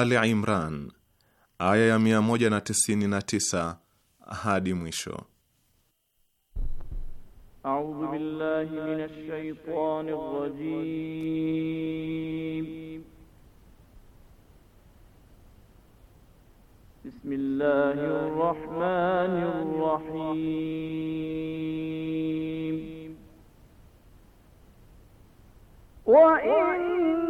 Ali Imran aya ya 199 hadi mwisho. A'udhu billahi minash shaitani rrajim. Bismillahir rahmanir rahim. Wa in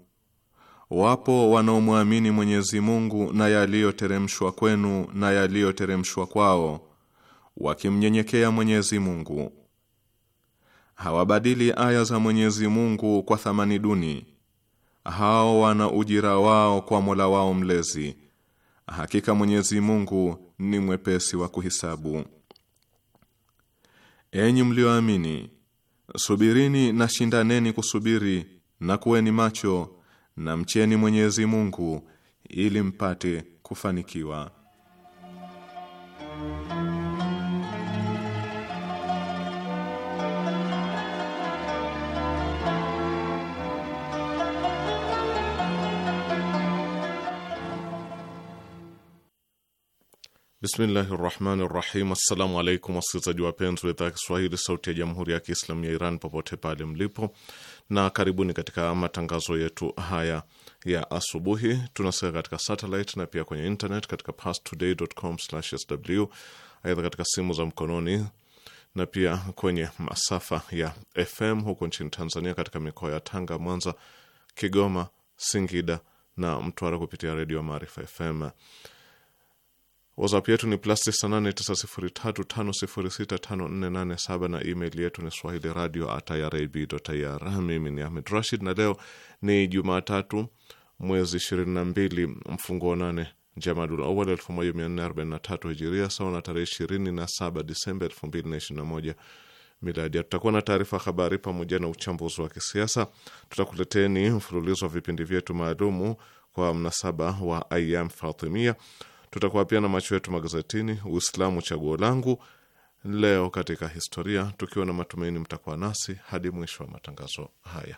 Wapo wanaomwamini Mwenyezi Mungu na yaliyoteremshwa kwenu na yaliyoteremshwa kwao wakimnyenyekea Mwenyezi Mungu. Hawabadili aya za Mwenyezi Mungu kwa thamani duni. Hao wana ujira wao kwa Mola wao mlezi. Hakika Mwenyezi Mungu ni mwepesi wa kuhisabu. Enyi mlioamini, subirini na shindaneni kusubiri na kuweni macho na mcheni Mwenyezi Mungu ili mpate kufanikiwa. Bismillahi rahmani rahim. Assalamu alaikum wasikilizaji wapenzi wa idhaa ya Kiswahili sauti ya jamhuri ya Kiislamu ya Iran popote pale mlipo na karibuni katika matangazo yetu haya ya asubuhi. tunasika katika satellite na pia kwenye internet katika pastoday.com/sw, aidha katika simu za mkononi na pia kwenye masafa ya FM huko nchini Tanzania, katika mikoa ya Tanga, Mwanza, Kigoma, Singida na Mtwara kupitia redio Maarifa FM. WhatsApp yetu ni plus 9893565487 na email yetu ni swahili radio atayaraibir. Mimi ni Ahmed Rashid na leo ni Jumatatu mwezi 22 mfungo 8 Jamadul Awal 1443 Hijiria, sawa na tarehe 27 Disemba 2021 miladia. Tutakuwa na taarifa habari pamoja na uchambuzi wa kisiasa. Tutakuleteni mfululizo wa vipindi vyetu maalumu kwa mnasaba wa Ayam Fatimia. Tutakuwa pia na macho yetu magazetini, Uislamu chaguo langu, leo katika historia, tukiwa na matumaini mtakuwa nasi hadi mwisho wa matangazo haya.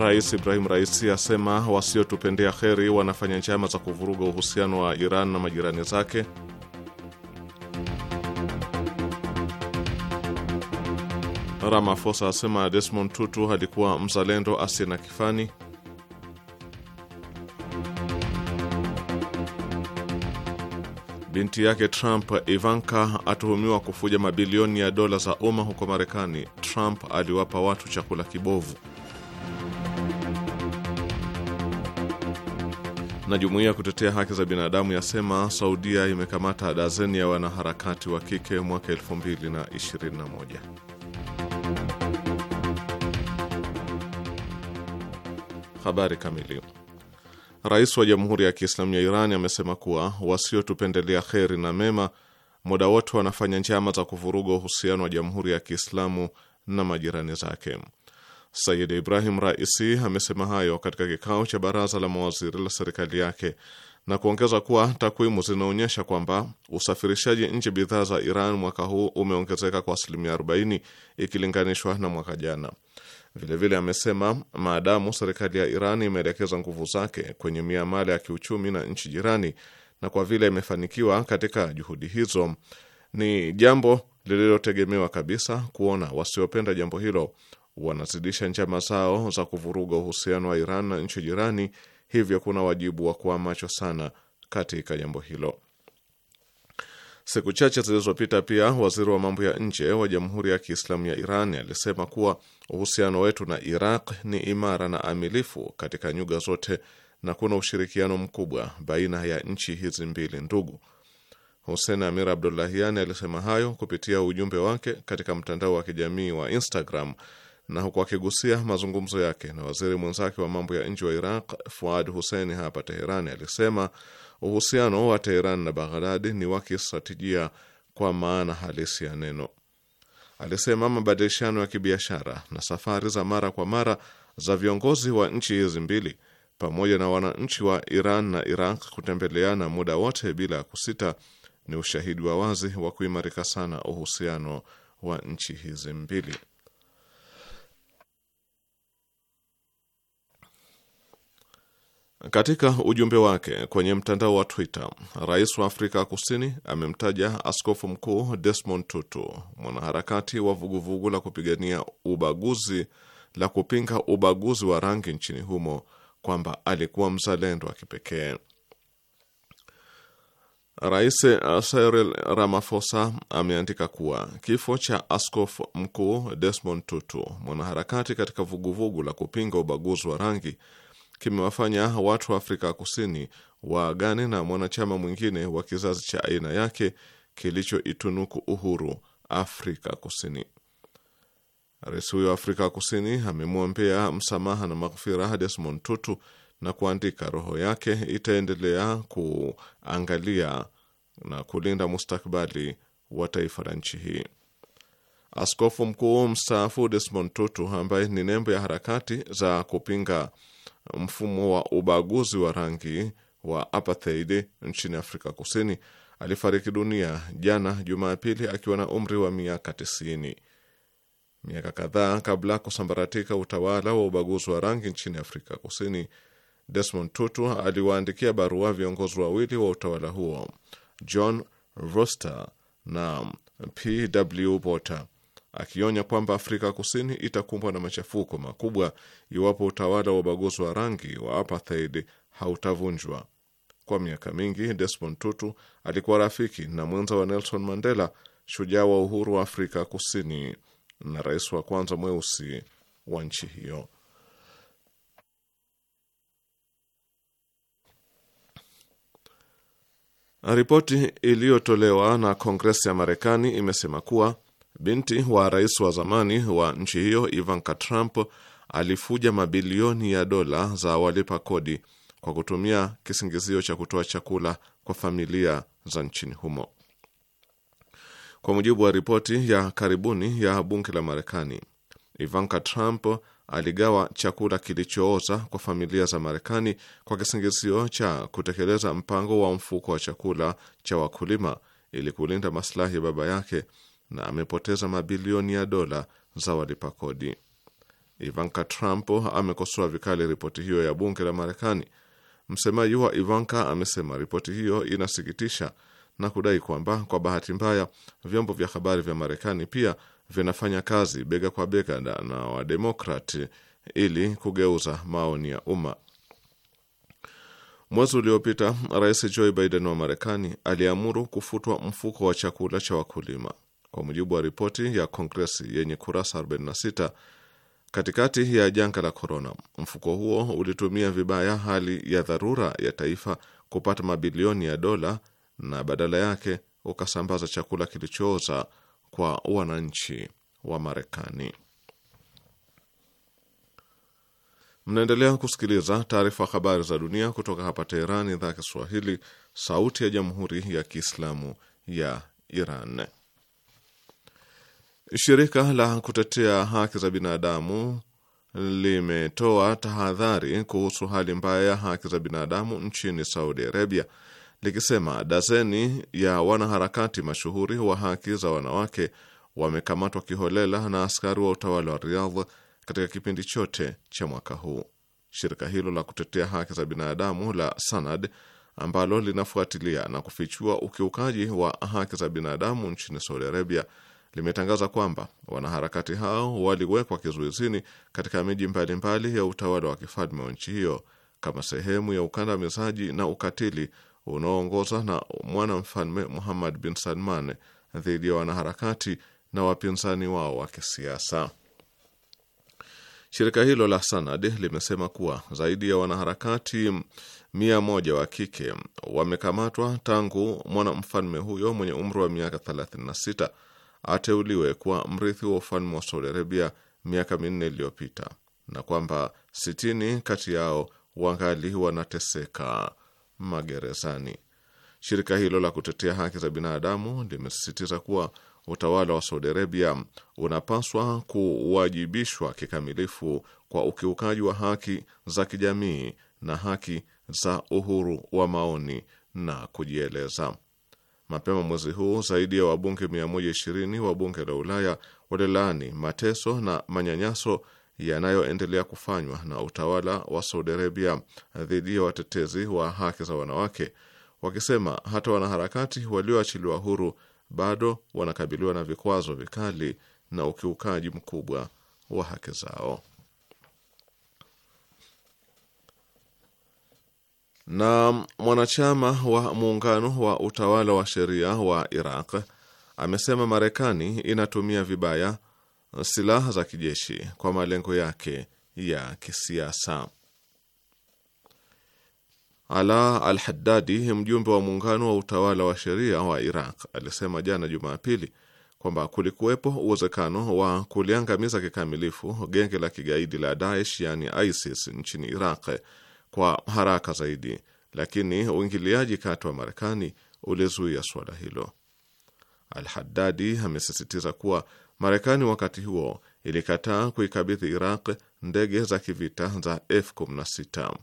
Rais Ibrahim Raisi asema wasiotupendea kheri wanafanya njama za kuvuruga uhusiano wa Iran na majirani zake. ramafosa asema Desmond Tutu alikuwa mzalendo asiye na kifani. Binti yake Trump Ivanka atuhumiwa kufuja mabilioni ya dola za umma huko Marekani. Trump aliwapa watu chakula kibovu. Na jumuiya kutetea haki za binadamu yasema Saudia imekamata dazeni ya wanaharakati wa kike mwaka 2021. Habari kamili. Rais wa Jamhuri ya Kiislamu ya Iran amesema kuwa wasiotupendelea kheri na mema muda wote wanafanya njama za kuvuruga uhusiano wa Jamhuri ya Kiislamu na majirani zake. Sayid Ibrahim Raisi amesema hayo katika kikao cha baraza la mawaziri la serikali yake na kuongeza kuwa takwimu zinaonyesha kwamba usafirishaji nje bidhaa za Iran mwaka huu umeongezeka kwa asilimia 40 ikilinganishwa na mwaka jana. Vilevile amesema maadamu serikali ya Iran imeelekeza nguvu zake kwenye miamala ya kiuchumi na nchi jirani na kwa vile imefanikiwa katika juhudi hizo, ni jambo lililotegemewa kabisa kuona wasiopenda jambo hilo wanazidisha njama zao za kuvuruga uhusiano wa Iran na nchi jirani, hivyo kuna wajibu wa kuwa macho sana katika jambo hilo. Siku chache zilizopita pia waziri wa mambo ya nje wa Jamhuri ya Kiislamu ya Iran alisema kuwa uhusiano wetu na Iraq ni imara na amilifu katika nyuga zote na kuna ushirikiano mkubwa baina ya nchi hizi mbili ndugu. Hussein Amir Abdullahian alisema hayo kupitia ujumbe wake katika mtandao wa kijamii wa Instagram na huku akigusia mazungumzo yake na waziri mwenzake wa mambo ya nje wa Iraq Fuad Hussein hapa teheran alisema uhusiano wa Teheran na Baghdad ni wa kistratejia kwa maana halisi ya neno. Alisema mabadilishano ya kibiashara na safari za mara kwa mara za viongozi wa nchi hizi mbili pamoja na wananchi wa Iran na Iraq kutembeleana muda wote bila ya kusita ni ushahidi wa wazi wa kuimarika sana uhusiano wa nchi hizi mbili. Katika ujumbe wake kwenye mtandao wa Twitter, rais wa Afrika Kusini amemtaja askofu mkuu Desmond Tutu, mwanaharakati wa vuguvugu la kupigania ubaguzi la kupinga ubaguzi wa rangi nchini humo kwamba alikuwa mzalendo wa kipekee. Rais Cyril Ramaphosa ameandika kuwa kifo cha askofu mkuu Desmond Tutu, mwanaharakati katika vuguvugu la kupinga ubaguzi wa rangi kimewafanya watu wa Afrika Kusini waagane na mwanachama mwingine wa kizazi cha aina yake kilichoitunuku uhuru Afrika Kusini. Rais huyo wa Afrika Kusini amemwombea msamaha na maghfira Desmond Tutu na kuandika, roho yake itaendelea kuangalia na kulinda mustakbali wa taifa la nchi hii. Askofu mkuu mstaafu Desmond Tutu ambaye ni nembo ya harakati za kupinga mfumo wa ubaguzi wa rangi wa apartheid nchini Afrika Kusini alifariki dunia jana Jumapili akiwa na umri wa miaka 90. Miaka kadhaa kabla kusambaratika utawala wa ubaguzi wa rangi nchini Afrika Kusini, Desmond Tutu aliwaandikia barua viongozi wawili wa utawala huo, John Vorster na pw W. Botha akionya kwamba Afrika Kusini itakumbwa na machafuko makubwa iwapo utawala wa ubaguzi wa rangi wa apartheid hautavunjwa. Kwa miaka mingi, Desmond Tutu alikuwa rafiki na mwenza wa Nelson Mandela, shujaa wa uhuru wa Afrika Kusini na rais wa kwanza mweusi wa nchi hiyo. Ripoti iliyotolewa na Kongresi ya Marekani imesema kuwa binti wa rais wa zamani wa nchi hiyo Ivanka Trump alifuja mabilioni ya dola za walipa kodi kwa kutumia kisingizio cha kutoa chakula kwa familia za nchini humo. Kwa mujibu wa ripoti ya karibuni ya bunge la Marekani, Ivanka Trump aligawa chakula kilichooza kwa familia za Marekani kwa kisingizio cha kutekeleza mpango wa mfuko wa chakula cha wakulima ili kulinda maslahi ya baba yake na amepoteza mabilioni ya dola za walipa kodi. Ivanka Trump amekosoa vikali ripoti hiyo ya bunge la Marekani. Msemaji wa Ivanka amesema ripoti hiyo inasikitisha na kudai kwamba kwa bahati mbaya vyombo vya habari vya Marekani pia vinafanya kazi bega kwa bega na Wademokrati ili kugeuza maoni ya umma. Mwezi uliopita Rais Joe Biden wa Marekani aliamuru kufutwa mfuko wa chakula cha wakulima. Kwa mujibu wa ripoti ya Kongresi yenye kurasa 46, katikati ya janga la korona, mfuko huo ulitumia vibaya hali ya dharura ya taifa kupata mabilioni ya dola na badala yake ukasambaza chakula kilichooza kwa wananchi wa Marekani. Mnaendelea kusikiliza taarifa habari za dunia kutoka hapa Teherani, idhaa ya Kiswahili, sauti ya jamhuri ya kiislamu ya Iran. Shirika la kutetea haki za binadamu limetoa tahadhari kuhusu hali mbaya ya haki za binadamu nchini Saudi Arabia likisema dazeni ya wanaharakati mashuhuri wa haki za wanawake wamekamatwa kiholela na askari wa utawala wa Riyadh katika kipindi chote cha mwaka huu. Shirika hilo la kutetea haki za binadamu la Sanad ambalo linafuatilia na kufichua ukiukaji wa haki za binadamu nchini Saudi Arabia limetangaza kwamba wanaharakati hao waliwekwa kizuizini katika miji mbalimbali ya utawala wa kifalme wa nchi hiyo kama sehemu ya ukandamizaji na ukatili unaoongoza na mwanamfalme Muhammad bin Salman dhidi ya wanaharakati na wapinzani wao wa kisiasa. Shirika hilo la Sanad limesema kuwa zaidi ya wanaharakati mia moja wa kike wamekamatwa tangu mwanamfalme huyo mwenye umri wa miaka sita ateuliwe kuwa mrithi wa ufalme wa Saudi Arabia miaka minne iliyopita na kwamba sitini kati yao wangali wanateseka magerezani. Shirika hilo la kutetea haki za binadamu limesisitiza kuwa utawala wa Saudi Arabia unapaswa kuwajibishwa kikamilifu kwa ukiukaji wa haki za kijamii na haki za uhuru wa maoni na kujieleza. Mapema mwezi huu zaidi ya wabunge 120 wa bunge la Ulaya walilaani mateso na manyanyaso yanayoendelea kufanywa na utawala wa Saudi Arabia dhidi ya watetezi wa haki za wanawake, wakisema hata wanaharakati walioachiliwa huru bado wanakabiliwa na vikwazo vikali na ukiukaji mkubwa wa haki zao. na mwanachama wa muungano wa utawala wa sheria wa Iraq amesema Marekani inatumia vibaya silaha za kijeshi kwa malengo yake ya kisiasa. Ala al-Haddadi, mjumbe wa muungano wa utawala wa sheria wa Iraq, alisema jana Jumapili kwamba kulikuwepo uwezekano wa kuliangamiza kikamilifu genge la kigaidi la Daesh, yani ISIS, nchini Iraq kwa haraka zaidi, lakini uingiliaji kati wa Marekani ulizuia suala hilo. alhadadi amesisitiza kuwa Marekani wakati huo ilikataa kuikabidhi Iraq ndege za kivita za F-16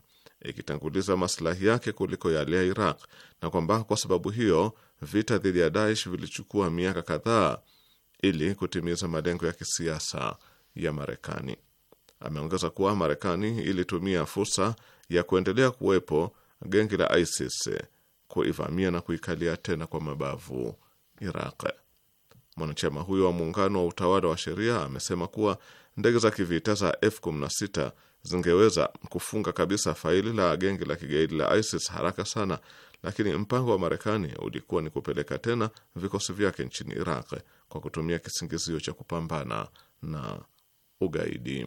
ikitanguliza maslahi yake kuliko yale ya Iraq na kwamba kwa sababu hiyo vita dhidi ya Daesh vilichukua miaka kadhaa ili kutimiza malengo ya kisiasa ya Marekani. Ameongeza kuwa Marekani ilitumia fursa ya kuendelea kuwepo gengi la ISIS kuivamia na kuikalia tena kwa mabavu Iraq. Mwanachama huyo wa muungano wa utawala wa sheria amesema kuwa ndege za kivita za F-16 zingeweza kufunga kabisa faili la gengi la kigaidi la ISIS haraka sana, lakini mpango wa Marekani ulikuwa ni kupeleka tena vikosi vyake nchini Iraq kwa kutumia kisingizio cha kupambana na ugaidi.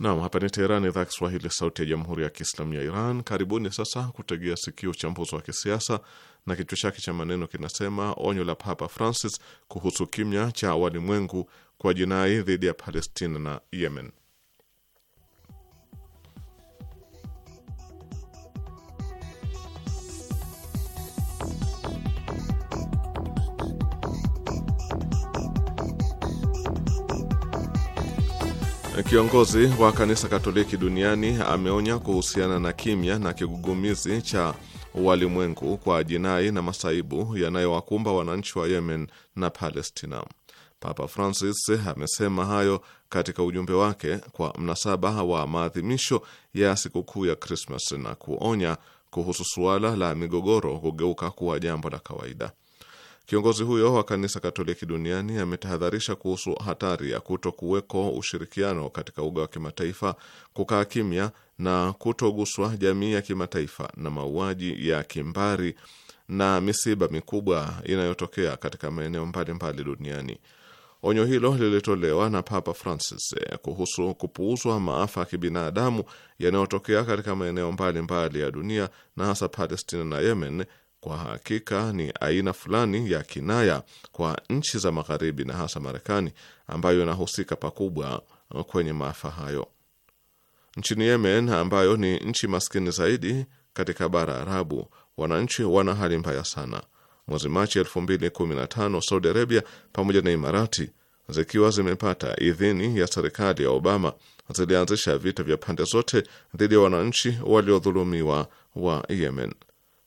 Nam, hapa ni Teherani, idhaa Kiswahili, sauti ya jamhuri ya kiislamu ya Iran. Karibuni sasa kutegea sikio uchambuzi wa kisiasa na kichwa chake cha maneno kinasema: onyo la Papa Francis kuhusu kimya cha walimwengu kwa jinai dhidi ya Palestina na Yemen. Kiongozi wa kanisa Katoliki duniani ameonya kuhusiana na kimya na kigugumizi cha walimwengu kwa jinai na masaibu yanayowakumba wananchi wa Yemen na Palestina. Papa Francis amesema hayo katika ujumbe wake kwa mnasaba wa maadhimisho ya sikukuu ya Krismas na kuonya kuhusu suala la migogoro kugeuka kuwa jambo la kawaida. Kiongozi huyo wa kanisa Katoliki duniani ametahadharisha kuhusu hatari ya kuto kuweko ushirikiano katika uga wa kimataifa, kukaa kimya na kutoguswa jamii ya kimataifa na mauaji ya kimbari na misiba mikubwa inayotokea katika maeneo mbalimbali duniani. Onyo hilo lilitolewa na Papa Francis eh, kuhusu kupuuzwa maafa ya kibinadamu yanayotokea katika maeneo mbalimbali ya dunia na hasa Palestina na Yemen kwa hakika ni aina fulani ya kinaya kwa nchi za Magharibi na hasa Marekani ambayo inahusika pakubwa kwenye maafa hayo. Nchini Yemen, ambayo ni nchi maskini zaidi katika bara Arabu, wananchi wana hali mbaya sana. Mwezi Machi 2015 Saudi Arabia pamoja na Imarati zikiwa zimepata idhini ya serikali ya Obama zilianzisha vita vya pande zote dhidi ya wananchi waliodhulumiwa wa Yemen.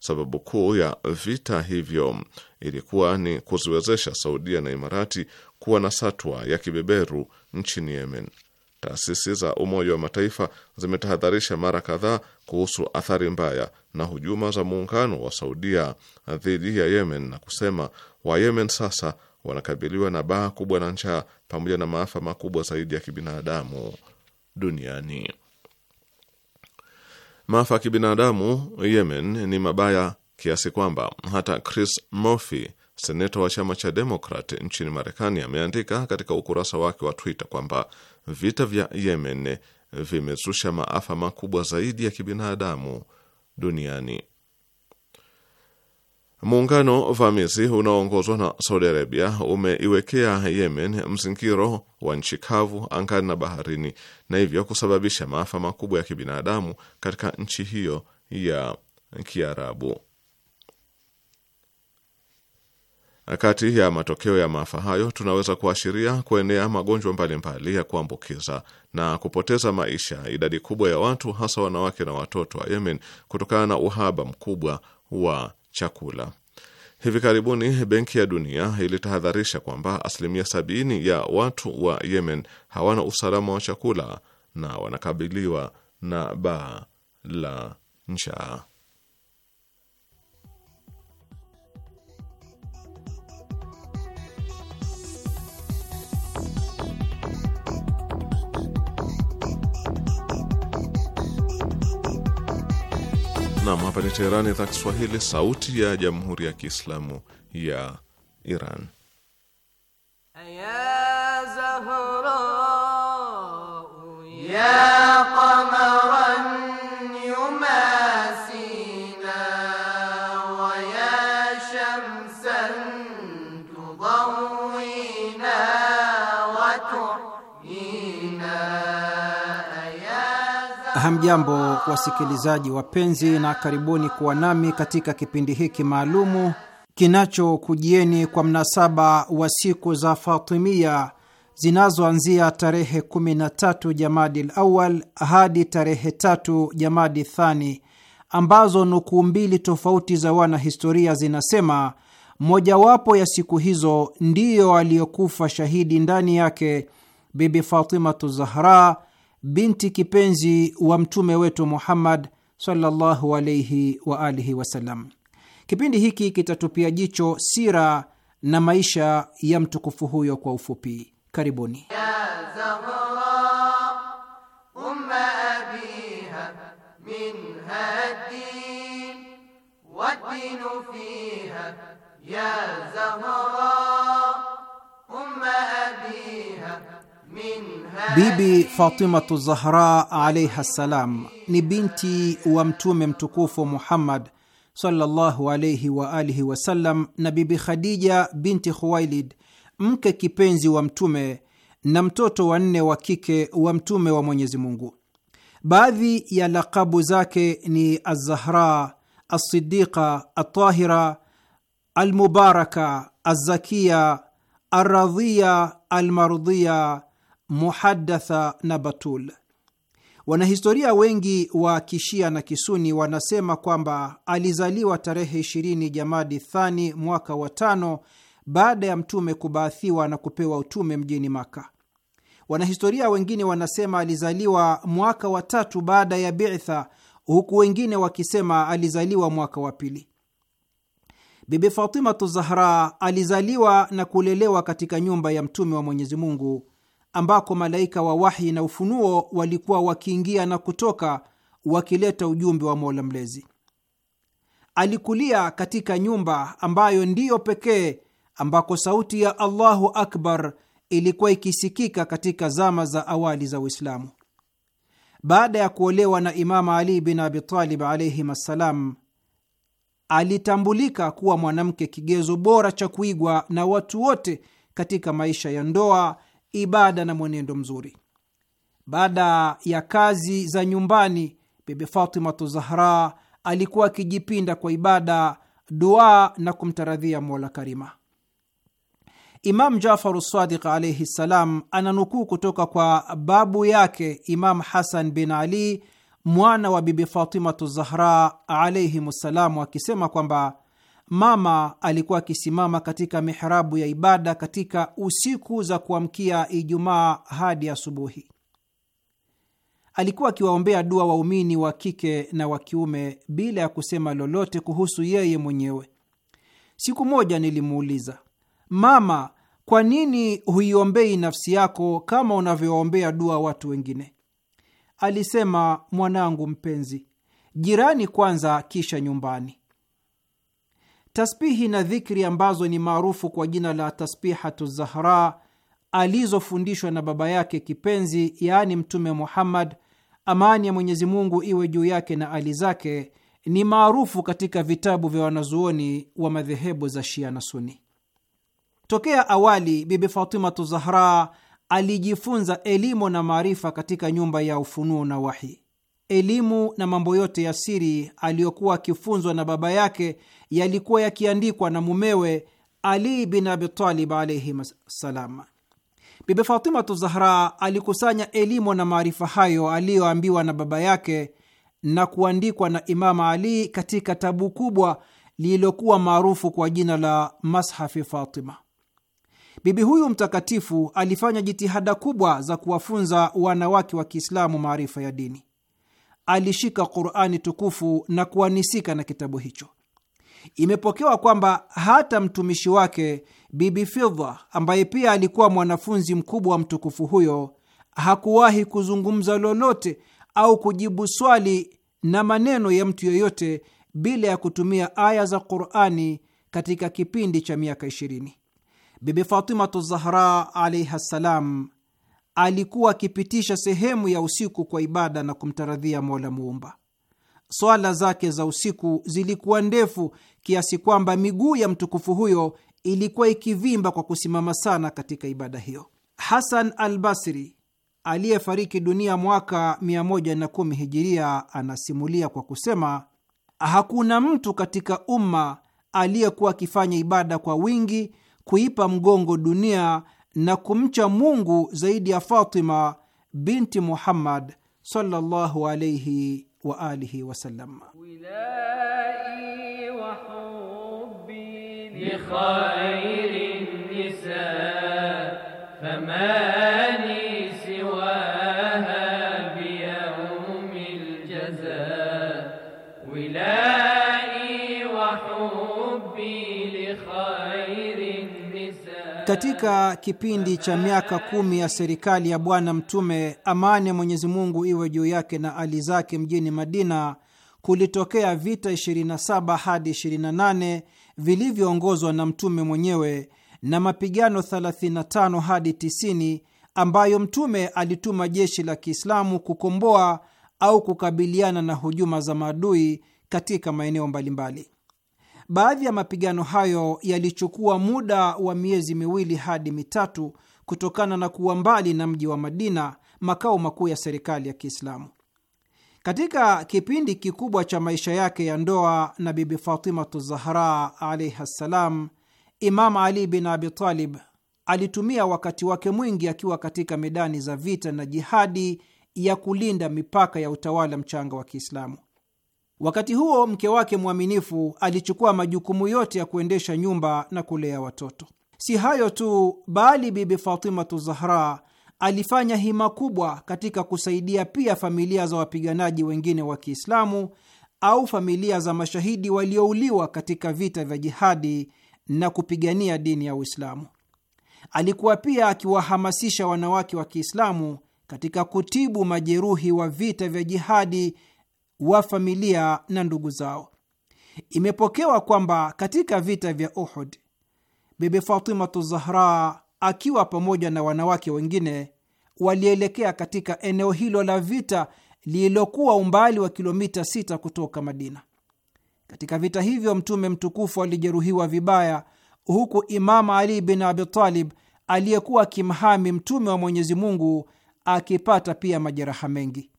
Sababu kuu ya vita hivyo ilikuwa ni kuziwezesha Saudia na Imarati kuwa na satwa ya kibeberu nchini Yemen. Taasisi za Umoja wa Mataifa zimetahadharisha mara kadhaa kuhusu athari mbaya na hujuma za muungano wa Saudia dhidi ya Yemen na kusema Wayemen sasa wanakabiliwa na baa kubwa na njaa pamoja na maafa makubwa zaidi ya kibinadamu duniani. Maafa ya kibinadamu Yemen ni mabaya kiasi kwamba hata Chris Murphy, seneta wa chama cha Demokrat nchini Marekani, ameandika katika ukurasa wake wa Twitter kwamba vita vya Yemen vimezusha maafa makubwa zaidi ya kibinadamu duniani. Muungano vamizi unaoongozwa na Saudi Arabia umeiwekea Yemen mzingiro wa nchi kavu, angani na baharini, na hivyo kusababisha maafa makubwa ya kibinadamu katika nchi hiyo ya Kiarabu. Kati ya matokeo ya maafa hayo tunaweza kuashiria kuenea magonjwa mbalimbali ya kuambukiza na kupoteza maisha idadi kubwa ya watu, hasa wanawake na watoto wa Yemen, kutokana na uhaba mkubwa wa chakula. Hivi karibuni Benki ya Dunia ilitahadharisha kwamba asilimia sabini ya watu wa Yemen hawana usalama wa chakula na wanakabiliwa na baa la njaa. Hapa ni Teherani, idhaa Kiswahili, sauti ya jamhuri ya kiislamu ya Iran. Ya Zahra, ya Hamjambo, wasikilizaji wapenzi, na karibuni kuwa nami katika kipindi hiki maalumu kinachokujieni kwa mnasaba wa siku za Fatimia zinazoanzia tarehe 13 Jamadi Lawal hadi tarehe tatu Jamadi Thani, ambazo nukuu mbili tofauti za wanahistoria zinasema mojawapo ya siku hizo ndiyo aliyokufa shahidi ndani yake Bibi Fatimatu Zahra binti kipenzi wa mtume wetu Muhammad sallallahu wa alihi wasallam. Kipindi hiki kitatupia jicho sira na maisha ya mtukufu huyo kwa ufupi. Karibuni. Ya Zahra, umma abiha Bibi Fatimatu Zahra alaiha ssalam ni binti wa Mtume mtukufu Muhammad sallallahu alaihi wa alihi wasallam na Bibi Khadija binti Khuwailid, mke kipenzi wa Mtume na mtoto wanne wa kike wa Mtume wa Mwenyezi Mungu. Baadhi ya lakabu zake ni Azahra, Alsidiqa, Altahira, Almubaraka, Alzakiya, Alradhiya, Almardhiya muhadatha na batul. Wanahistoria wengi wa kishia na kisuni wanasema kwamba alizaliwa tarehe 20 Jamadi Thani mwaka wa tano baada ya mtume kubaathiwa na kupewa utume mjini Maka. Wanahistoria wengine wanasema alizaliwa mwaka wa tatu baada ya bitha, huku wengine wakisema alizaliwa mwaka wa pili. Bibi Fatimatu Zahra alizaliwa na kulelewa katika nyumba ya mtume wa Mwenyezi Mungu ambako malaika wa wahi na ufunuo walikuwa wakiingia na kutoka wakileta ujumbe wa Mola Mlezi. Alikulia katika nyumba ambayo ndiyo pekee ambako sauti ya Allahu akbar ilikuwa ikisikika katika zama za awali za Uislamu. Baada ya kuolewa na imamu Ali bin Abitalib alaihim assalam, alitambulika kuwa mwanamke kigezo bora cha kuigwa na watu wote katika maisha ya ndoa ibada na mwenendo mzuri. Baada ya kazi za nyumbani, Bibi Fatimatu Zahra alikuwa akijipinda kwa ibada, dua na kumtaradhia Mola Karima. Imam Jafaru Sadiq alaihi ssalam ananukuu kutoka kwa babu yake Imam Hasan bin Ali mwana wa Bibi Fatimatu Zahra alaihim ssalamu, akisema kwamba Mama alikuwa akisimama katika mihrabu ya ibada katika usiku za kuamkia Ijumaa hadi asubuhi. Alikuwa akiwaombea dua waumini wa kike na wa kiume bila ya kusema lolote kuhusu yeye mwenyewe. Siku moja nilimuuliza, Mama, kwa nini huiombei nafsi yako kama unavyowaombea dua watu wengine? Alisema, mwanangu mpenzi, jirani kwanza, kisha nyumbani. Tasbihi na dhikri ambazo ni maarufu kwa jina la tasbihatu Zahra alizofundishwa na baba yake kipenzi, yaani Mtume Muhammad, amani ya Mwenyezi Mungu iwe juu yake na ali zake, ni maarufu katika vitabu vya wanazuoni wa madhehebu za Shia na Suni. Tokea awali, Bibi Fatimatu Zahra alijifunza elimu na maarifa katika nyumba ya ufunuo na wahi elimu na mambo yote ya siri aliyokuwa akifunzwa na baba yake yalikuwa yakiandikwa na mumewe Ali bin Abitalib alaihi salam. Bibi Fatimatu Zahra alikusanya elimu na maarifa hayo aliyoambiwa na baba yake na kuandikwa na Imama Ali katika tabu kubwa lililokuwa maarufu kwa jina la Mashafi Fatima. Bibi huyu mtakatifu alifanya jitihada kubwa za kuwafunza wanawake wa Kiislamu maarifa ya dini alishika Qurani tukufu na kuanisika na kitabu hicho. Imepokewa kwamba hata mtumishi wake Bibi Fidha, ambaye pia alikuwa mwanafunzi mkubwa wa mtukufu huyo, hakuwahi kuzungumza lolote au kujibu swali na maneno ya mtu yoyote bila ya kutumia aya za Qurani katika kipindi cha miaka 20. Bibi Fatimatu Zahra alaihi ssalam alikuwa akipitisha sehemu ya usiku kwa ibada na kumtaradhia Mola Muumba. Swala zake za usiku zilikuwa ndefu kiasi kwamba miguu ya mtukufu huyo ilikuwa ikivimba kwa kusimama sana katika ibada hiyo. Hasan al Basri aliyefariki dunia mwaka 110 Hijiria anasimulia kwa kusema, hakuna mtu katika umma aliyekuwa akifanya ibada kwa wingi, kuipa mgongo dunia na kumcha Mungu zaidi ya Fatima binti Muhammad sallallahu alayhi wa alihi wasallam. Katika kipindi cha miaka kumi ya serikali ya Bwana Mtume, amani ya Mwenyezi Mungu iwe juu yake na ali zake, mjini Madina kulitokea vita 27 hadi 28 vilivyoongozwa na Mtume mwenyewe na mapigano 35 hadi 90 ambayo Mtume alituma jeshi la Kiislamu kukomboa au kukabiliana na hujuma za maadui katika maeneo mbalimbali. Baadhi ya mapigano hayo yalichukua muda wa miezi miwili hadi mitatu kutokana na kuwa mbali na mji wa Madina, makao makuu ya serikali ya Kiislamu. Katika kipindi kikubwa cha maisha yake ya ndoa na Bibi Fatimatu Zahra alaihi ssalam, Imam Ali bin Abitalib alitumia wakati wake mwingi akiwa katika medani za vita na jihadi ya kulinda mipaka ya utawala mchanga wa Kiislamu. Wakati huo mke wake mwaminifu alichukua majukumu yote ya kuendesha nyumba na kulea watoto. Si hayo tu, bali Bibi Fatimatu Zahra alifanya hima kubwa katika kusaidia pia familia za wapiganaji wengine wa Kiislamu au familia za mashahidi waliouliwa katika vita vya jihadi na kupigania dini ya Uislamu. Alikuwa pia akiwahamasisha wanawake wa Kiislamu katika kutibu majeruhi wa vita vya jihadi wa familia na ndugu zao. Imepokewa kwamba katika vita vya Uhud, Bibi Fatimatu Zahra akiwa pamoja na wanawake wengine walielekea katika eneo hilo la vita lililokuwa umbali wa kilomita sita kutoka Madina. Katika vita hivyo Mtume mtukufu alijeruhiwa vibaya, huku Imamu Ali bin Abitalib aliyekuwa akimhami Mtume wa Mwenyezi Mungu akipata pia majeraha mengi.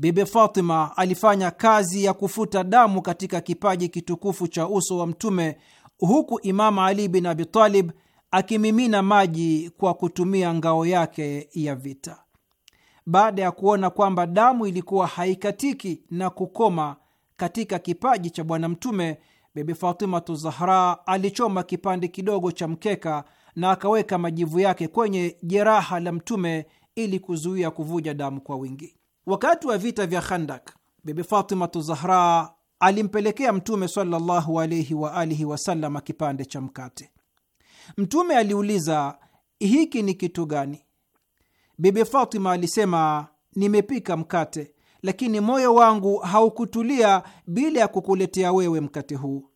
Bibi Fatima alifanya kazi ya kufuta damu katika kipaji kitukufu cha uso wa Mtume, huku Imamu Ali bin Abitalib akimimina maji kwa kutumia ngao yake ya vita. Baada ya kuona kwamba damu ilikuwa haikatiki na kukoma katika kipaji cha Bwana Mtume, Bibi Fatimatu Zahra alichoma kipande kidogo cha mkeka na akaweka majivu yake kwenye jeraha la Mtume ili kuzuia kuvuja damu kwa wingi. Wakati wa vita vya Khandak, Bibi Fatimatu Zahra alimpelekea Mtume sallallahu alaihi wa alihi wasallam kipande cha mkate. Mtume aliuliza, hiki ni kitu gani? Bibi Fatima alisema, nimepika mkate, lakini moyo wangu haukutulia bila ya kukuletea wewe mkate huu.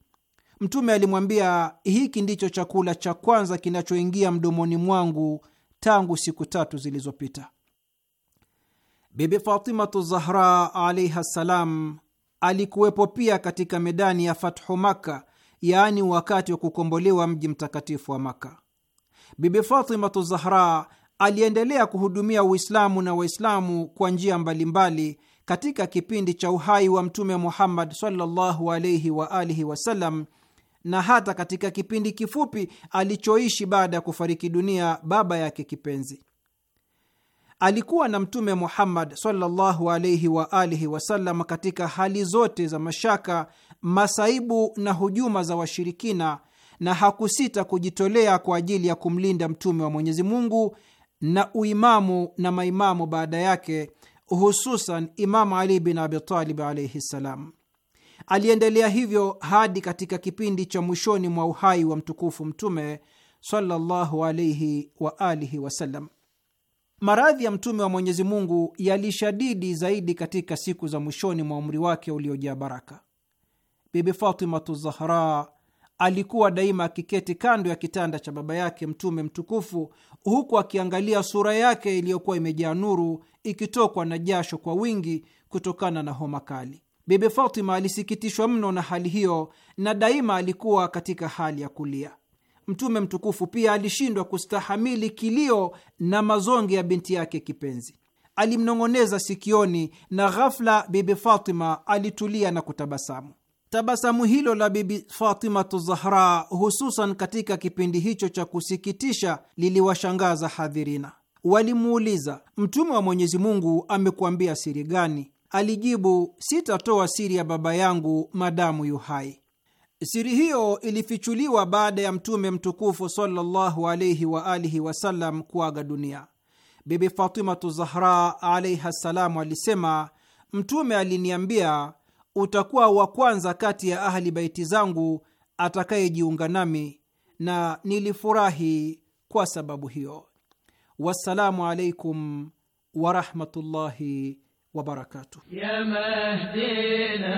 Mtume alimwambia, hiki ndicho chakula cha kwanza kinachoingia mdomoni mwangu tangu siku tatu zilizopita. Bibi Fatimatu Zahra alaiha ssalam alikuwepo pia katika medani ya Fathu Makka, yaani wakati wa kukombolewa mji mtakatifu wa Makka. Bibi Fatimatu Zahra aliendelea kuhudumia Uislamu na Waislamu kwa njia mbalimbali katika kipindi cha uhai wa Mtume Muhammad sallallahu alaihi wa alihi wasallam na hata katika kipindi kifupi alichoishi baada ya kufariki dunia baba yake kipenzi alikuwa na Mtume Muhammad sallallahu alaihi wa alihi wasallam katika hali zote za mashaka, masaibu na hujuma za washirikina, na hakusita kujitolea kwa ajili ya kumlinda mtume wa Mwenyezi Mungu na uimamu na maimamu baada yake, hususan Imamu Ali bin Abitalib alaihi ssalam. Aliendelea hivyo hadi katika kipindi cha mwishoni mwa uhai wa mtukufu Mtume sallallahu alaihi wa alihi wasallam. Maradhi ya mtume wa Mwenyezi Mungu yalishadidi zaidi katika siku za mwishoni mwa umri wake uliojaa baraka. Bibi Fatimatu Zahra alikuwa daima akiketi kando ya kitanda cha baba yake mtume mtukufu, huku akiangalia sura yake iliyokuwa imejaa nuru ikitokwa na jasho kwa wingi kutokana na homa kali. Bibi Fatima alisikitishwa mno na hali hiyo, na daima alikuwa katika hali ya kulia. Mtume mtukufu pia alishindwa kustahamili kilio na mazonge ya binti yake kipenzi, alimnong'oneza sikioni, na ghafla Bibi Fatima alitulia na kutabasamu. Tabasamu hilo la Bibi Fatimatu Zahra, hususan katika kipindi hicho cha kusikitisha, liliwashangaza hadhirina. Walimuuliza, Mtume wa Mwenyezi Mungu amekuambia siri gani? Alijibu, sitatoa siri ya baba yangu madamu yuhai. Siri hiyo ilifichuliwa baada ya Mtume mtukufu sallallahu alaihi wa alihi wasallam kuaga dunia. Bibi Fatimatu Zahra alaiha ssalamu alisema, Mtume aliniambia, utakuwa wa kwanza kati ya ahli baiti zangu atakayejiunga nami, na nilifurahi kwa sababu hiyo. Wassalamu alaikum warahmatullahi وبركاته يا مهدينا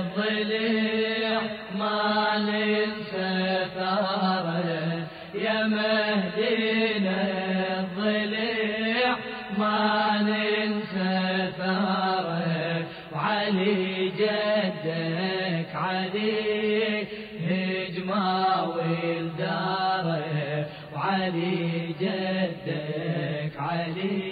الضليع ما ننسى ثاره يا مهدينا الضليع ما ننسى ثاره وعلي جدك علي هجمة ولداره وعلي جدك علي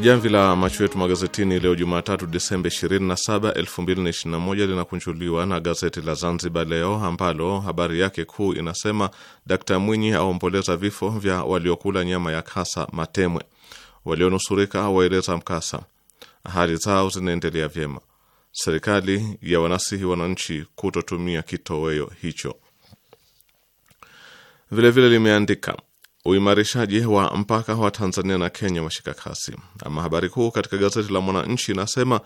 Jamvi la macho yetu magazetini leo Jumatatu, Disemba 27, 2021 linakunjuliwa na gazeti la Zanzibar Leo ambalo habari yake kuu inasema Dkt Mwinyi aomboleza vifo vya waliokula nyama ya kasa Matemwe, walionusurika waeleza mkasa, hali zao zinaendelea vyema. Serikali ya wanasihi wananchi kutotumia kitoweo hicho. Vilevile vile limeandika Uimarishaji wa mpaka wa Tanzania na Kenya washika kasi. Ama habari kuu katika gazeti la Mwananchi inasema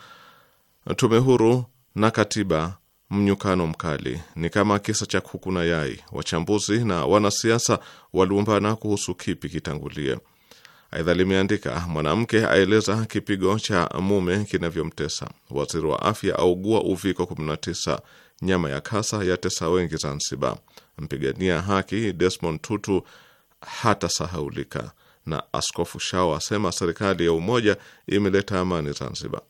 tume huru na katiba mnyukano mkali ni kama kisa cha kuku na yai, wachambuzi na wanasiasa waliumbana kuhusu kipi kitangulie. Aidha limeandika mwanamke aeleza kipigo cha mume kinavyomtesa, waziri wa afya augua uviko 19, nyama ya kasa yatesa wengi Zanzibar, mpigania haki Desmond Tutu hatasahaulika. Na Askofu Shao asema serikali ya umoja imeleta amani Zanzibar.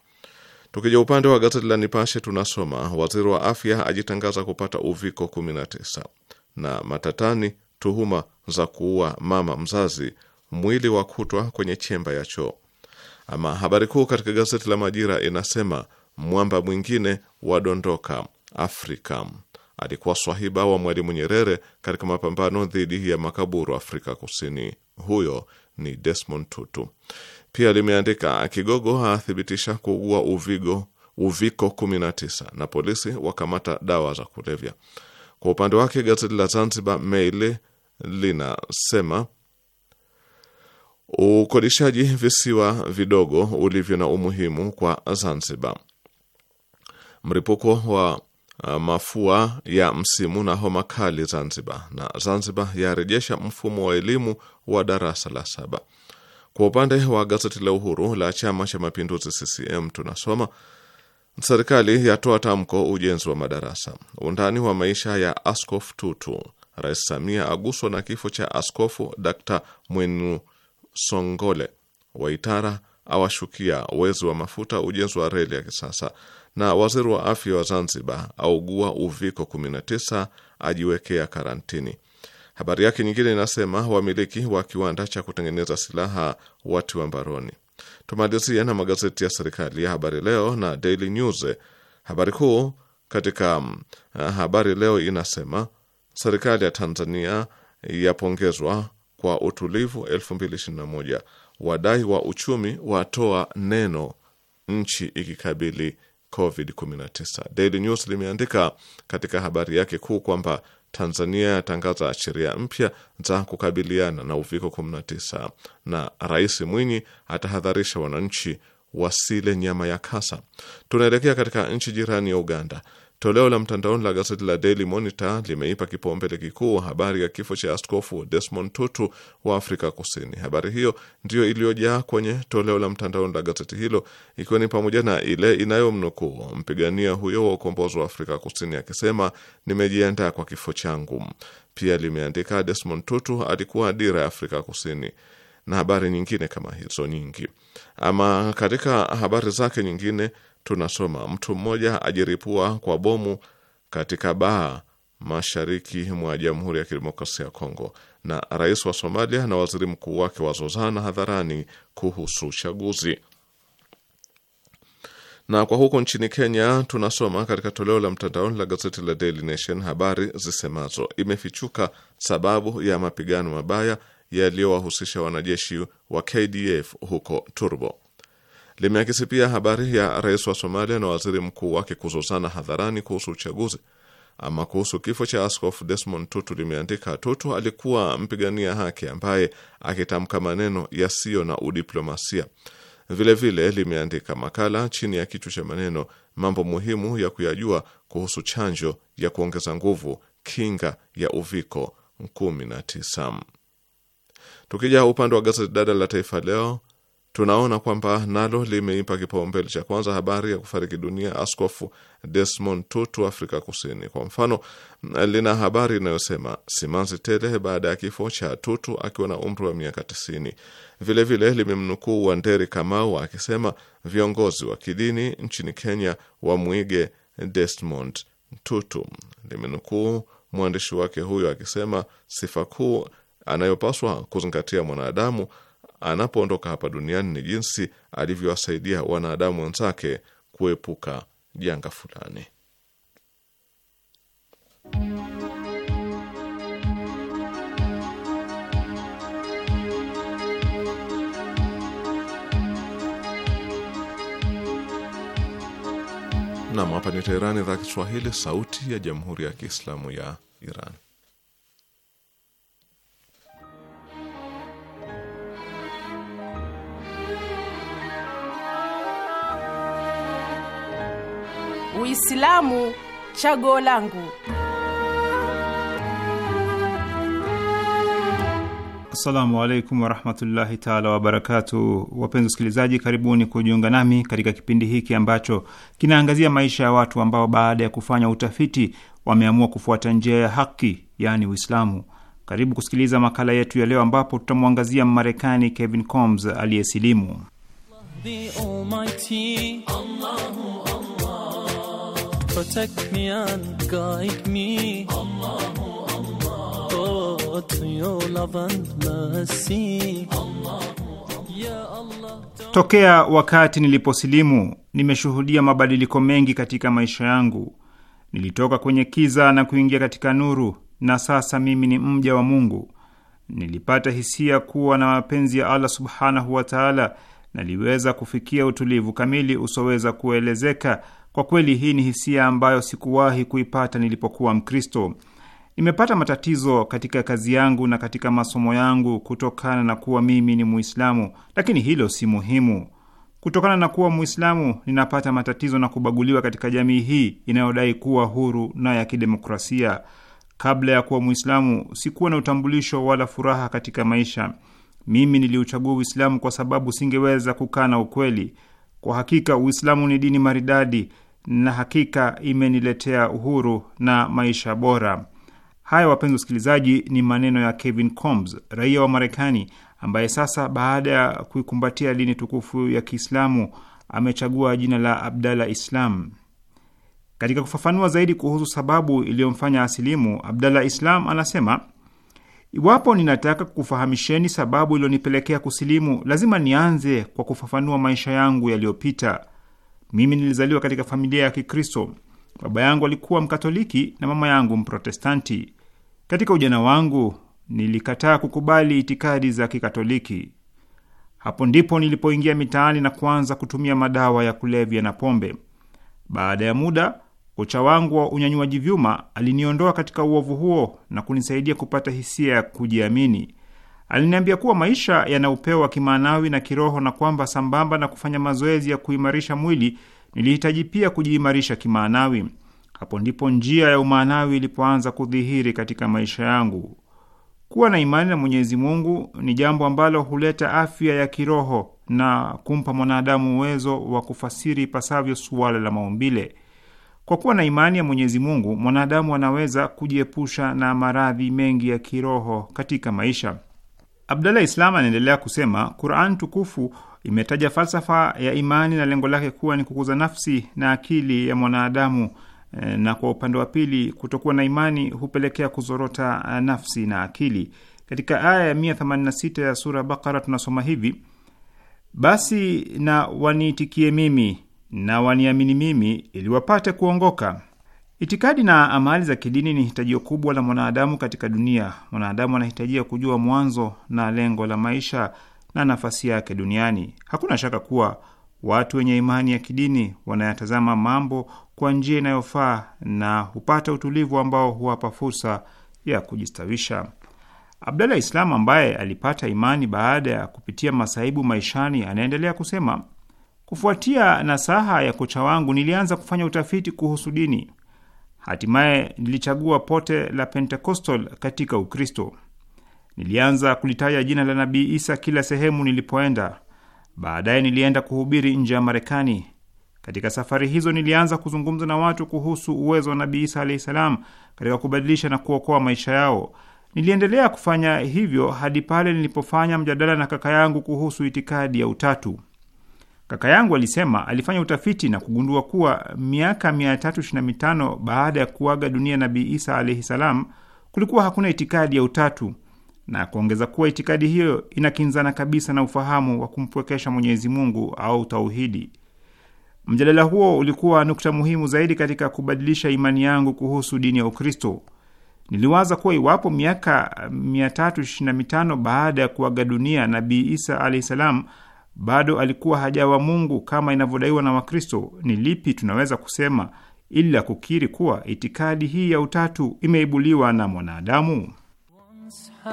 Tukija upande wa gazeti la Nipashe tunasoma waziri wa afya ajitangaza kupata uviko 19, na matatani tuhuma za kuua mama mzazi, mwili wa kutwa kwenye chemba ya choo. Ama habari kuu katika gazeti la Majira inasema mwamba mwingine wadondoka Afrika alikuwa swahiba wa Mwalimu Nyerere katika mapambano dhidi ya makaburu Afrika Kusini. Huyo ni Desmond Tutu. Pia limeandika kigogo haathibitisha kuugua uvigo uviko 19 na polisi wakamata dawa za kulevya. Kwa upande wake gazeti la Zanzibar Mail linasema ukodishaji visiwa vidogo ulivyo na umuhimu kwa Zanzibar. Mripuko wa Uh, mafua ya msimu na homa kali Zanzibar, na Zanzibar yarejesha mfumo wa elimu wa darasa la saba. Kwa upande wa gazeti la Uhuru la Chama cha Mapinduzi CCM tunasoma serikali yatoa tamko ujenzi wa madarasa. Undani wa maisha ya Askofu Tutu. Rais Samia aguswa na kifo cha Askofu Dr. Mwenu Songole. Waitara awashukia wezi wa mafuta ujenzi wa reli ya kisasa na waziri wa afya wa Zanzibar augua uviko 19 ajiwekea karantini. Habari yake nyingine inasema wamiliki wa kiwanda cha kutengeneza silaha watiwa mbaroni. Tumalizia na magazeti ya serikali ya Habari Leo na Daily News. Habari kuu katika mm, ah, Habari Leo inasema serikali ya Tanzania yapongezwa kwa utulivu 2021, wadai wa uchumi watoa neno nchi ikikabili COVID-19. Daily News limeandika katika habari yake kuu kwamba Tanzania yatangaza sheria mpya za kukabiliana na uviko 19 na Rais Mwinyi atahadharisha wananchi wasile nyama ya kasa. Tunaelekea katika nchi jirani ya Uganda Toleo la mtandaoni la gazeti la Daily Monitor limeipa kipaumbele kikuu habari ya kifo cha Askofu Desmond Tutu wa Afrika Kusini. Habari hiyo ndiyo iliyojaa kwenye toleo la mtandaoni la gazeti hilo, ikiwa ni pamoja na ile inayomnukuu mpigania huyo wa ukombozi wa Afrika Kusini akisema, nimejiandaa kwa kifo changu. Pia limeandika Desmond Tutu alikuwa dira ya Afrika Kusini na habari nyingine kama hizo nyingi. Ama katika habari zake nyingine tunasoma mtu mmoja ajiripua kwa bomu katika baa mashariki mwa Jamhuri ya Kidemokrasia ya Kongo, na rais wa Somalia na waziri mkuu wake wazozana hadharani kuhusu uchaguzi. Na kwa huko nchini Kenya tunasoma katika toleo la mtandaoni la gazeti la Daily Nation habari zisemazo imefichuka sababu ya mapigano mabaya yaliyowahusisha wanajeshi wa KDF huko Turbo limeakisi pia habari ya rais wa Somalia na waziri mkuu wake kuzozana hadharani kuhusu uchaguzi. Ama kuhusu kifo cha Askofu Desmond Tutu limeandika, Tutu alikuwa mpigania haki ambaye akitamka maneno yasiyo na udiplomasia. Vilevile limeandika makala chini ya kichwa cha maneno mambo muhimu ya kuyajua kuhusu chanjo ya kuongeza nguvu kinga ya uviko 19. Tukija upande wa gazeti dada la Taifa Leo tunaona kwamba nalo limeipa kipaumbele cha kwanza habari ya kufariki dunia Askofu Desmond Tutu Afrika Kusini. Kwa mfano, lina habari inayosema simanzi tele baada ya kifo cha Tutu akiwa na umri wa miaka 90. Vilevile limemnukuu Wanderi Kamau akisema viongozi wa kidini nchini Kenya wamwige Desmond Tutu. Limenukuu mwandishi wake huyo akisema sifa kuu anayopaswa kuzingatia mwanadamu anapoondoka hapa duniani ni jinsi alivyowasaidia wanadamu wenzake kuepuka janga fulani. Nam, hapa ni Teherani, idhaa Kiswahili, sauti ya jamhuri ya kiislamu ya Iran. Uislamu chaguo langu. Assalamu alaikum warahmatullahi taala wabarakatu. Wapenzi wasikilizaji, karibuni kujiunga nami katika kipindi hiki ambacho kinaangazia maisha ya watu ambao baada ya kufanya utafiti wameamua kufuata njia ya haki, yaani Uislamu. Karibu kusikiliza makala yetu ya leo, ambapo tutamwangazia marekani Kevin Combs aliyesilimu. Allah, protect me and guide me. Allah. Oh, to your love and mercy. Tokea wakati niliposilimu nimeshuhudia mabadiliko mengi katika maisha yangu. Nilitoka kwenye kiza na kuingia katika nuru, na sasa mimi ni mja wa Mungu. Nilipata hisia kuwa na mapenzi ya Allah subhanahu wa taala, naliweza kufikia utulivu kamili usoweza kuelezeka kwa kweli hii ni hisia ambayo sikuwahi kuipata nilipokuwa Mkristo. Nimepata matatizo katika kazi yangu na katika masomo yangu kutokana na kuwa mimi ni Muislamu, lakini hilo si muhimu. Kutokana na kuwa Muislamu, ninapata matatizo na kubaguliwa katika jamii hii inayodai kuwa huru na ya kidemokrasia. Kabla ya kuwa Muislamu sikuwa na utambulisho wala furaha katika maisha. Mimi niliuchagua Uislamu kwa sababu singeweza kukana ukweli. Kwa hakika Uislamu ni dini maridadi na hakika imeniletea uhuru na maisha bora. Haya, wapenzi wasikilizaji, ni maneno ya Kevin Combs, raia wa Marekani ambaye sasa baada ya kuikumbatia dini tukufu ya Kiislamu amechagua jina la Abdalla Islam. Katika kufafanua zaidi kuhusu sababu iliyomfanya asilimu, Abdalla Islam anasema Iwapo ninataka kufahamisheni sababu iliyonipelekea kusilimu, lazima nianze kwa kufafanua maisha yangu yaliyopita. Mimi nilizaliwa katika familia ya Kikristo. Baba yangu alikuwa Mkatoliki na mama yangu Mprotestanti. Katika ujana wangu nilikataa kukubali itikadi za Kikatoliki. Hapo ndipo nilipoingia mitaani na kuanza kutumia madawa ya kulevya na pombe. Baada ya muda, kocha wangu wa unyanyuaji vyuma aliniondoa katika uovu huo na kunisaidia kupata hisia ya kujiamini. Aliniambia kuwa maisha yana upeo wa kimaanawi na kiroho na kwamba sambamba na kufanya mazoezi ya kuimarisha mwili, nilihitaji pia kujiimarisha kimaanawi. Hapo ndipo njia ya umaanawi ilipoanza kudhihiri katika maisha yangu. Kuwa na imani na Mwenyezi Mungu ni jambo ambalo huleta afya ya kiroho na kumpa mwanadamu uwezo wa kufasiri ipasavyo suala la maumbile. Kwa kuwa na imani ya Mwenyezi Mungu, mwanadamu anaweza kujiepusha na maradhi mengi ya kiroho katika maisha. Abdallah Islam anaendelea kusema Quran tukufu imetaja falsafa ya imani na lengo lake kuwa ni kukuza nafsi na akili ya mwanadamu, eh, na kwa upande wa pili kutokuwa na imani hupelekea kuzorota eh, nafsi na akili. Katika aya ya 186 ya sura Bakara tunasoma hivi: basi na waniitikie mimi na waniamini mimi ili wapate kuongoka. Itikadi na amali za kidini ni hitajio kubwa la mwanadamu katika dunia. Mwanadamu anahitajia kujua mwanzo na lengo la maisha na nafasi yake duniani. Hakuna shaka kuwa watu wenye imani ya kidini wanayatazama mambo kwa njia inayofaa na hupata utulivu ambao huwapa fursa ya kujistawisha. Abdalla Islam ambaye alipata imani baada ya kupitia masaibu maishani, anaendelea kusema, kufuatia nasaha ya kocha wangu nilianza kufanya utafiti kuhusu dini Hatimaye nilichagua pote la Pentecostal katika Ukristo. Nilianza kulitaja jina la Nabii Isa kila sehemu nilipoenda. Baadaye nilienda kuhubiri nje ya Marekani. Katika safari hizo nilianza kuzungumza na watu kuhusu uwezo wa Nabii Isa alahi salam katika kubadilisha na kuokoa maisha yao. Niliendelea kufanya hivyo hadi pale nilipofanya mjadala na kaka yangu kuhusu itikadi ya utatu. Kaka yangu alisema alifanya utafiti na kugundua kuwa miaka 325 baada ya kuaga dunia Nabii Isa alaihi salam, kulikuwa hakuna itikadi ya utatu, na kuongeza kuwa itikadi hiyo inakinzana kabisa na ufahamu wa kumpwekesha Mwenyezi Mungu au tauhidi. Mjadala huo ulikuwa nukta muhimu zaidi katika kubadilisha imani yangu kuhusu dini ya Ukristo. Niliwaza kuwa iwapo miaka 325 baada ya kuaga dunia Nabii Isa alahi salam bado alikuwa hajawa Mungu kama inavyodaiwa na Wakristo, ni lipi tunaweza kusema ila kukiri kuwa itikadi hii ya utatu imeibuliwa na mwanadamu? He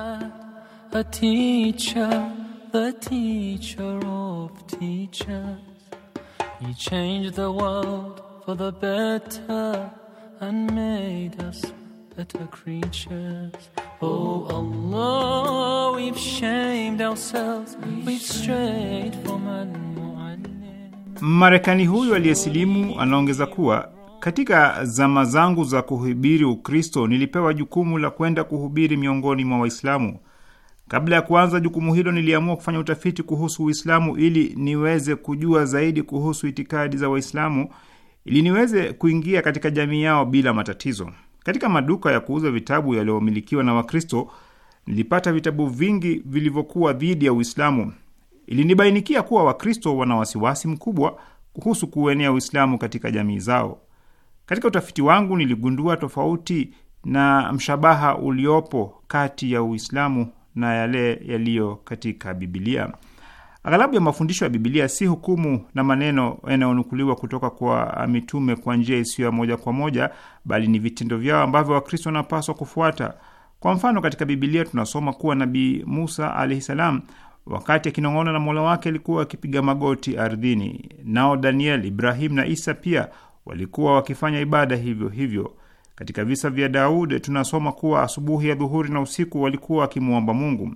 utter creatures. Oh Allah, we've shamed ourselves, we've strayed from Marekani huyu aliyesilimu anaongeza kuwa katika zama zangu za kuhubiri Ukristo nilipewa jukumu la kwenda kuhubiri miongoni mwa Waislamu. Kabla ya kuanza jukumu hilo, niliamua kufanya utafiti kuhusu Uislamu ili niweze kujua zaidi kuhusu itikadi za Waislamu ili niweze kuingia katika jamii yao bila matatizo. Katika maduka ya kuuza vitabu yaliyomilikiwa na Wakristo nilipata vitabu vingi vilivyokuwa dhidi ya Uislamu. Ilinibainikia kuwa Wakristo wana wasiwasi mkubwa kuhusu kuenea Uislamu katika jamii zao. Katika utafiti wangu niligundua tofauti na mshabaha uliopo kati ya Uislamu na yale yaliyo katika Bibilia. Aghalabu ya mafundisho ya Bibilia si hukumu na maneno yanayonukuliwa kutoka kwa mitume kwa njia isiyo ya moja kwa moja, bali ni vitendo vyao ambavyo Wakristo wanapaswa kufuata. Kwa mfano, katika Bibilia tunasoma kuwa Nabii Musa alahi salam, wakati akinong'ona na Mola wake, alikuwa akipiga magoti ardhini. Nao Daniel, Ibrahim na Isa pia walikuwa wakifanya ibada hivyo hivyo. Katika visa vya Daud tunasoma kuwa asubuhi ya dhuhuri na usiku walikuwa wakimwomba Mungu.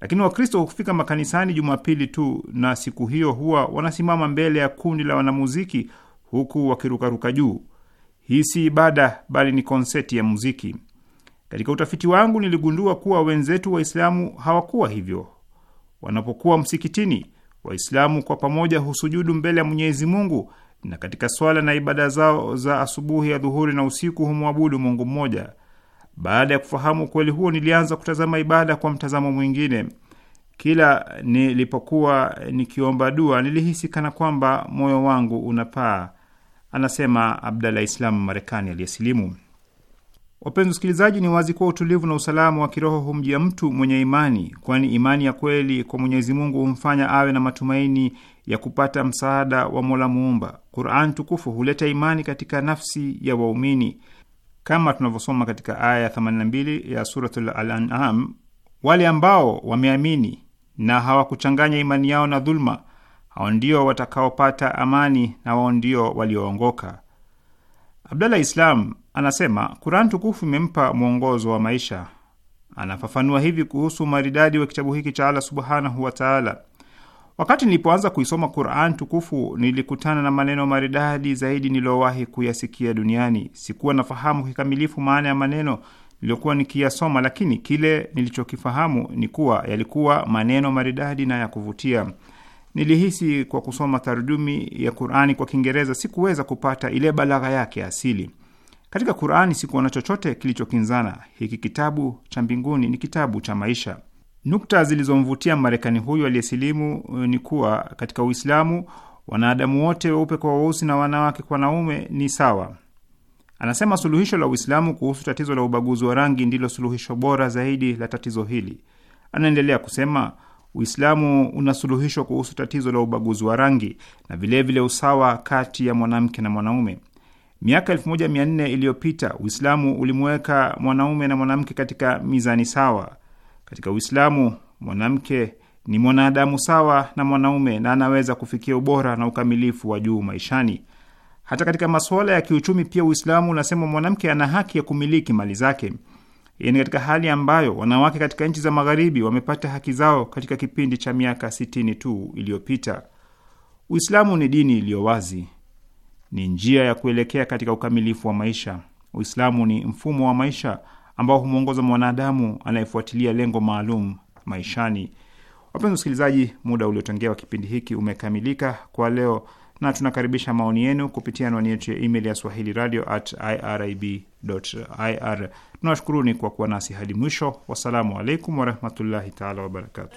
Lakini Wakristo hufika makanisani Jumapili tu na siku hiyo huwa wanasimama mbele ya kundi la wanamuziki huku wakirukaruka juu. Hii si ibada bali ni konseti ya muziki. Katika utafiti wangu niligundua kuwa wenzetu Waislamu hawakuwa hivyo. Wanapokuwa msikitini, Waislamu kwa pamoja husujudu mbele ya Mwenyezi Mungu, na katika swala na ibada zao za asubuhi, ya dhuhuri na usiku humwabudu Mungu mmoja. Baada ya kufahamu ukweli huo, nilianza kutazama ibada kwa mtazamo mwingine. Kila nilipokuwa nikiomba dua, nilihisi kana kwamba moyo wangu unapaa, anasema Abdalah Islam, Marekani aliyesilimu. Wapenzi wasikilizaji, ni wazi kuwa utulivu na usalama wa kiroho humjia mtu mwenye imani, kwani imani ya kweli kwa Mwenyezi Mungu humfanya awe na matumaini ya kupata msaada wa Mola Muumba. Quran tukufu huleta imani katika nafsi ya waumini kama tunavyosoma katika aya ya 82 ya Suratul Al-An'am, wale ambao wameamini na hawakuchanganya imani yao na dhuluma, hao ndio watakaopata amani na wao ndio walioongoka. Abdallah Islam anasema Quran tukufu imempa mwongozo wa maisha. Anafafanua hivi kuhusu maridadi wa kitabu hiki cha Allah subhanahu wataala Wakati nilipoanza kuisoma Quran tukufu nilikutana na maneno maridadi zaidi niliyowahi kuyasikia duniani. Sikuwa nafahamu kikamilifu maana ya maneno niliyokuwa nikiyasoma, lakini kile nilichokifahamu ni kuwa yalikuwa maneno maridadi na ya kuvutia. Nilihisi kwa kusoma tarjumi ya Qurani kwa Kiingereza sikuweza kupata ile balagha yake asili. Katika Qurani sikuona chochote kilichokinzana. Hiki kitabu cha mbinguni ni kitabu cha maisha. Nukta zilizomvutia Marekani huyu aliyesilimu eh, ni kuwa katika Uislamu wanadamu wote weupe kwa weusi na wanawake kwa wanaume ni sawa. Anasema suluhisho la Uislamu kuhusu tatizo la ubaguzi wa rangi ndilo suluhisho bora zaidi la tatizo hili. Anaendelea kusema Uislamu una suluhisho kuhusu tatizo la ubaguzi wa rangi na vilevile vile usawa kati ya mwanamke na mwanaume. Miaka 1400 iliyopita Uislamu ulimweka mwanaume na mwanamke katika mizani sawa. Katika Uislamu mwanamke ni mwanadamu sawa na mwanaume na anaweza kufikia ubora na ukamilifu wa juu maishani. Hata katika masuala ya kiuchumi pia Uislamu unasema mwanamke ana haki ya kumiliki mali zake. Hii ni yaani katika hali ambayo wanawake katika nchi za Magharibi wamepata haki zao katika kipindi cha miaka sitini tu iliyopita. Uislamu ni dini iliyo wazi, ni njia ya kuelekea katika ukamilifu wa maisha. Uislamu ni mfumo wa maisha ambao humwongoza mwanadamu anayefuatilia lengo maalum maishani. Wapenzi wasikilizaji, muda uliotengewa kipindi hiki umekamilika kwa leo, na tunakaribisha maoni yenu kupitia anwani yetu ya email ya swahili radio at irib.ir. Tunawashukuruni kwa kuwa nasi hadi mwisho. Wassalamu alaikum warahmatullahi taala wabarakatuh.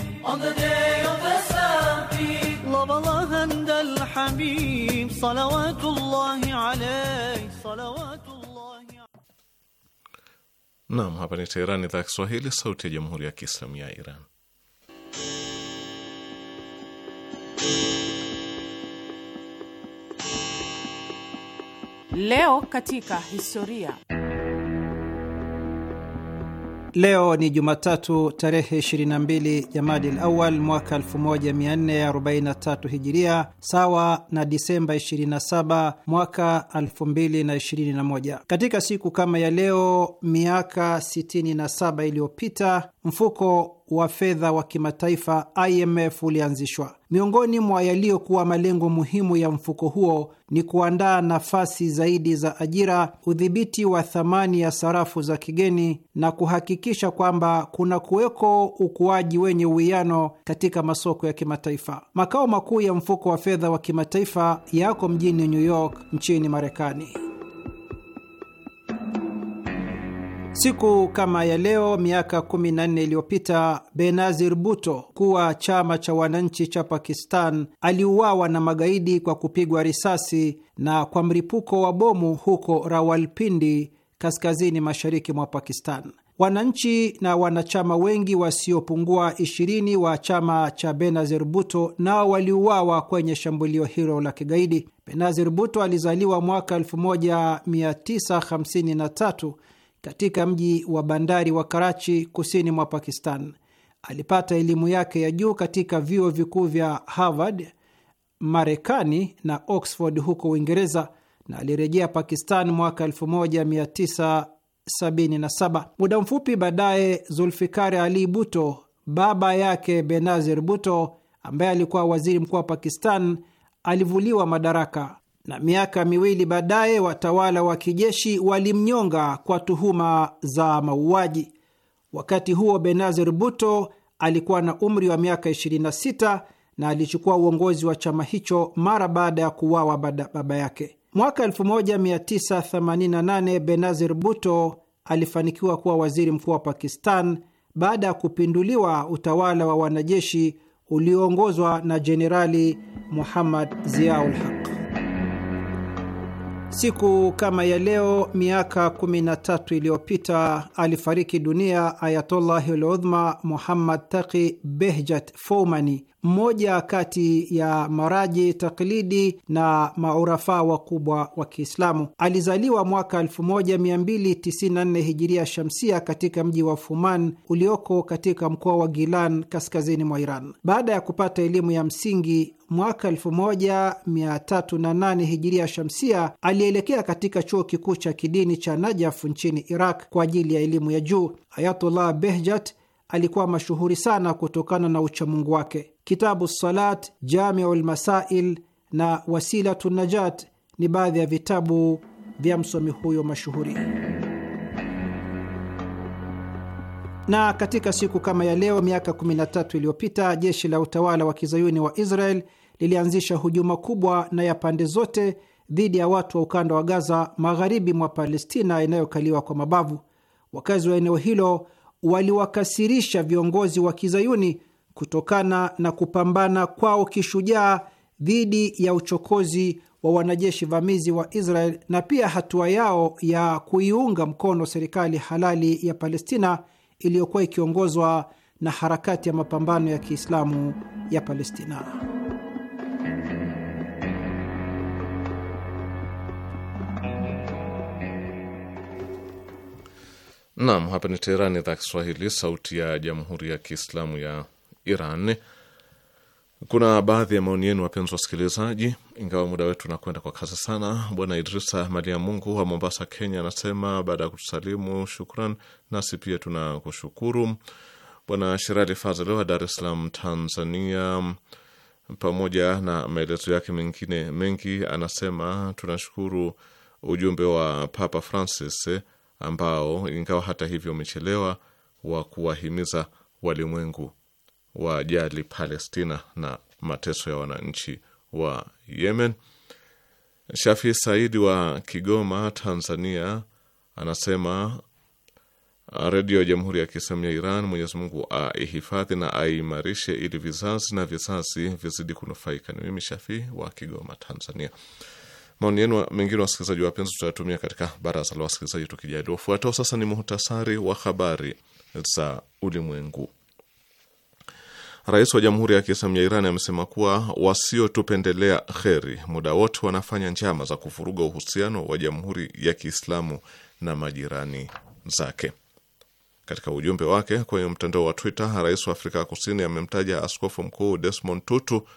On the day of the Sabbath لظى عند الحبيب صلوات الله عليه صلوات الله Naam, hapa ni Teherani, idhaa ya Kiswahili, sauti ya jamhuri ya kiislamu ya Iran. Leo katika historia Leo ni Jumatatu tarehe 22 Jamadil Awal mwaka 1443 Hijiria, sawa na Disemba 27 mwaka 2021. Katika siku kama ya leo miaka 67 iliyopita mfuko wa fedha wa kimataifa IMF ulianzishwa. Miongoni mwa yaliyokuwa malengo muhimu ya mfuko huo ni kuandaa nafasi zaidi za ajira, udhibiti wa thamani ya sarafu za kigeni na kuhakikisha kwamba kuna kuweko ukuaji wenye uwiano katika masoko ya kimataifa. Makao makuu ya mfuko wa fedha wa kimataifa yako mjini New York nchini Marekani. Siku kama ya leo miaka 14 iliyopita Benazir Bhutto, mkuu wa chama cha wananchi cha Pakistan, aliuawa na magaidi kwa kupigwa risasi na kwa mlipuko wa bomu huko Rawalpindi, kaskazini mashariki mwa Pakistan. Wananchi na wanachama wengi wasiopungua 20 wa chama cha Benazir Bhutto nao waliuawa kwenye shambulio hilo la kigaidi. Benazir Bhutto alizaliwa mwaka 1953 katika mji wa bandari wa Karachi, kusini mwa Pakistan. Alipata elimu yake ya juu katika vyuo vikuu vya Harvard, Marekani na Oxford huko Uingereza na alirejea Pakistan mwaka 1977. Muda mfupi baadaye, Zulfikari Ali buto baba yake Benazir buto ambaye alikuwa waziri mkuu wa Pakistan, alivuliwa madaraka na miaka miwili baadaye watawala wa kijeshi walimnyonga kwa tuhuma za mauaji. Wakati huo Benazir Buto alikuwa na umri wa miaka 26 na alichukua uongozi wa chama hicho mara baada ya kuuawa baba yake. Mwaka 1988 Benazir Buto alifanikiwa kuwa waziri mkuu wa Pakistan baada ya kupinduliwa utawala wa wanajeshi ulioongozwa na Jenerali Muhammad Ziaul Haq. Siku kama ya leo miaka 13 iliyopita alifariki dunia Ayatollahi Ludhma Muhammad Taqi Behjat Foumani, mmoja kati ya maraji taklidi na maurafaa wakubwa wa Kiislamu. Alizaliwa mwaka 1294 hijiria shamsia katika mji wa Fuman ulioko katika mkoa wa Gilan kaskazini mwa Iran. Baada ya kupata elimu ya msingi mwaka 1308 hijiria shamsia alielekea katika chuo kikuu cha kidini cha Najaf nchini Iraq kwa ajili ya elimu ya juu. Ayatullah Behjat alikuwa mashuhuri sana kutokana na uchamungu wake. Kitabu Salat, Jamiu Lmasail na Wasilatu Najat ni baadhi ya vitabu vya msomi huyo mashuhuri. Na katika siku kama ya leo miaka 13 iliyopita jeshi la utawala wa kizayuni wa Israel lilianzisha hujuma kubwa na ya pande zote dhidi ya watu wa ukanda wa Gaza, magharibi mwa Palestina inayokaliwa kwa mabavu. Wakazi wa eneo hilo waliwakasirisha viongozi wa kizayuni kutokana na kupambana kwao kishujaa dhidi ya uchokozi wa wanajeshi vamizi wa Israel na pia hatua yao ya kuiunga mkono serikali halali ya Palestina iliyokuwa ikiongozwa na harakati ya mapambano ya Kiislamu ya Palestina. Naam, hapa ni Teherani, idhaa Kiswahili, sauti ya Jamhuri ya Kiislamu ya Iran. Kuna baadhi ya maoni yenu wapenzi wasikilizaji, ingawa muda wetu unakwenda kwa kasi sana. Bwana Idrisa Malia Mungu wa Mombasa, Kenya anasema baada ya kutusalimu, shukran, nasi pia tuna kushukuru Bwana Shirali Fazl wa Dar es Salaam, Tanzania, pamoja na maelezo yake mengine mengi, anasema tunashukuru ujumbe wa Papa Francis ambao ingawa hata hivyo umechelewa wa kuwahimiza walimwengu wajali Palestina na mateso ya wananchi wa Yemen. Shafi Saidi wa Kigoma, Tanzania, anasema redio ya Jamhuri ya Kiislamu ya Iran, Mwenyezi Mungu aihifadhi na aimarishe ili vizazi na vizazi vizidi kunufaika. Ni mimi Shafi wa Kigoma, Tanzania. Maoni yenu mengine wasikilizaji wapenzi, tutayatumia katika baraza la wasikilizaji tukijaliwa. Ufuatao sasa ni muhtasari wa habari za ulimwengu. Rais wa Jamhuri ya Kiislamu ya Iran amesema kuwa wasiotupendelea kheri muda wote wanafanya njama za kuvuruga uhusiano wa Jamhuri ya Kiislamu na majirani zake. Katika ujumbe wake kwenye mtandao wa Twitter, rais wa Afrika Kusini amemtaja askofu mkuu Desmond Tutu,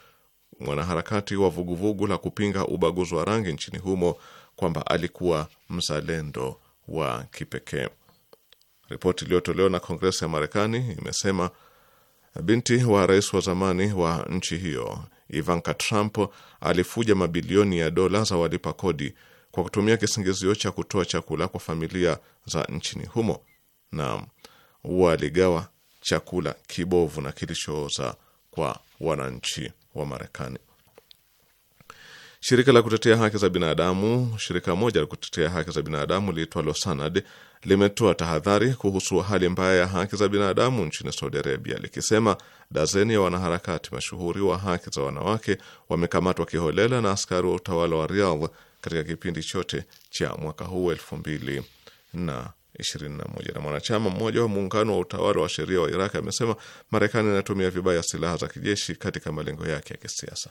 mwanaharakati wa vuguvugu la kupinga ubaguzi wa rangi nchini humo, kwamba alikuwa mzalendo wa kipekee. Ripoti iliyotolewa na Kongresi ya Marekani imesema Binti wa rais wa zamani wa nchi hiyo Ivanka Trump alifuja mabilioni ya dola za walipa kodi kwa kutumia kisingizio cha kutoa chakula kwa familia za nchini humo, na aligawa chakula kibovu na kilichooza kwa wananchi wa Marekani. Shirika la kutetea haki za binadamu, shirika moja la kutetea haki za binadamu liitwalo Sanad limetoa tahadhari kuhusu hali mbaya ya haki za binadamu nchini Saudi Arabia, likisema dazeni ya wanaharakati mashuhuri wa haki za wanawake wamekamatwa kiholela na askari wa utawala wa Riyadh katika kipindi chote cha mwaka huu elfu mbili na 21 na mwanachama mmoja wa muungano wa utawala wa sheria wa Iraq amesema Marekani inatumia vibaya silaha za kijeshi katika malengo yake ya kisiasa.